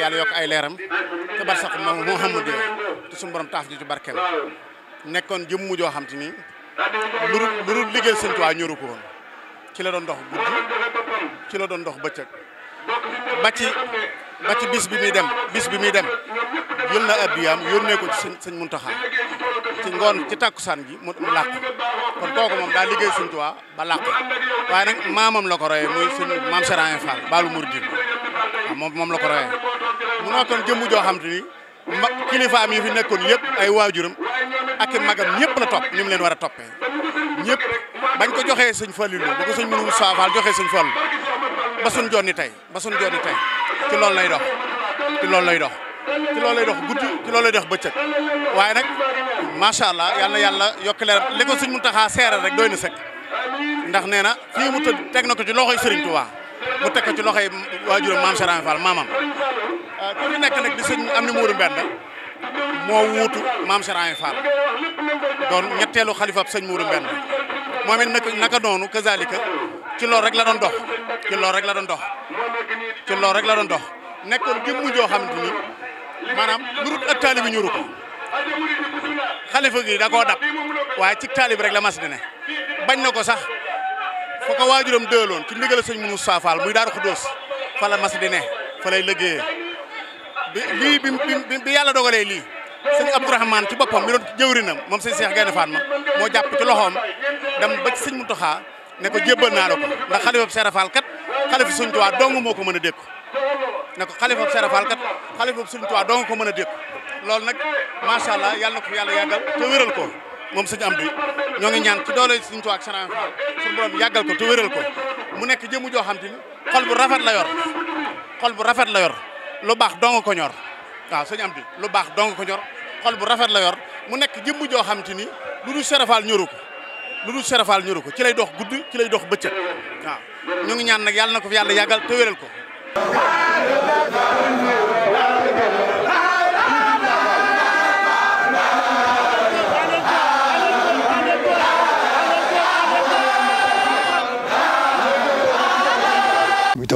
yàlla yokk ay leeram te bar sax moom Muhammad te suñu borom taaf ñu ci barkeem nekkoon jëmm joo xam te ni lu lu lu liggéey sëñ Tuubaa ko woon ci la doon dox guddi ci la doon dox ba ci ba ci bis bi muy dem bis bi muy dem yónn na abbiyaam yónnee ko ci sëñ Muntaxa ci ngoon ci tàkkusaan gi mu làkk kon kooku moom daa liggéey sëñ Tuubaa ba làkk waaye la ko royee muy sëñ maam Serigne Fall Baalu Mouridine moom moom la ko royee mu nekkoon jëmm joo xam ni ma kilifaam yi fi nekkoon yëpp ay waajuram ak magam ñëpp la topp ni leen war a toppee ñëpp bañ ko joxee sëñ Fallilu ba ko sëñ mënu saafaal joxee sëñ Fallu ba suñ jonni tey ba suñ jonni tey loolu lay dox ci loolu lay dox ci loolu lay dox guddi ci loolu lay dox bëccëg waaye nag macha allah yal na yàlla yokk leeram li ko sëñ Muntaxa seere rek doy na sëkk ndax neena na fii mu teg na ko ci loxoy Sëriñ Tuubaa mu teg ci loxoy waajuram maam Serigne Fall maamam euh, ku fi nekk nag di sëñ am ni Mourou Mbenda moo wuutu maam Serigne Fall doon ñetteelu xalifa sëñ Mourou Mbenda moom it naka naka noonu kazalika ci loolu rek la doon dox ci loolu rek la doon dox ci loolu rek la doon dox nekkoon gi mujjoo xamante ni maanaam nurut ak taalib bi ñuru ko gi da dab waaye ci taalib rek la mas di bañ na ko sax. fa ko waajuram dëloon ci ndigal sëñ mënu saafaal muy daaru xudóos fa la mas di ne fa lay bi lii bi bi yàlla dogalee lii sëñ abdourahman ci boppam mi doon jëwrinam moom sëñ seex gaynde Fatma moo jàpp ci loxoom dem ba ci sëñ toxaa ne ko jébbal naa la ko ndax xalifa bu seerafaal kat xalifa sëñ a dong moo ko mën a dékku ne ko xalifa bu seerafaal kat xalifa bu sëñ Tuubaa dong ko mën a dékku loolu nag macha allah yàlla na ko yàlla yàggal te moom sëñ am bi ñoo ngi ñaan ci doole sëñ Tuubaa ak Sëriñ Faal suñu borom yàggal ko te wéral ko mu nekk jëmu joo xam te ni xol bu rafet la yor xol bu rafet la yor lu baax dong ko ñor waaw sëñ am bi lu baax dong ko ñor xol bu rafet la yor mu nekk jëmm joo xam te ni lu dul Sëriñ Faal ñoru ko lu dul Sëriñ Faal ñoru ko ci lay dox gudd ci lay dox bëccëg waaw ñu ngi ñaan nag yàlla na ko fi yàlla yàggal te wéral ko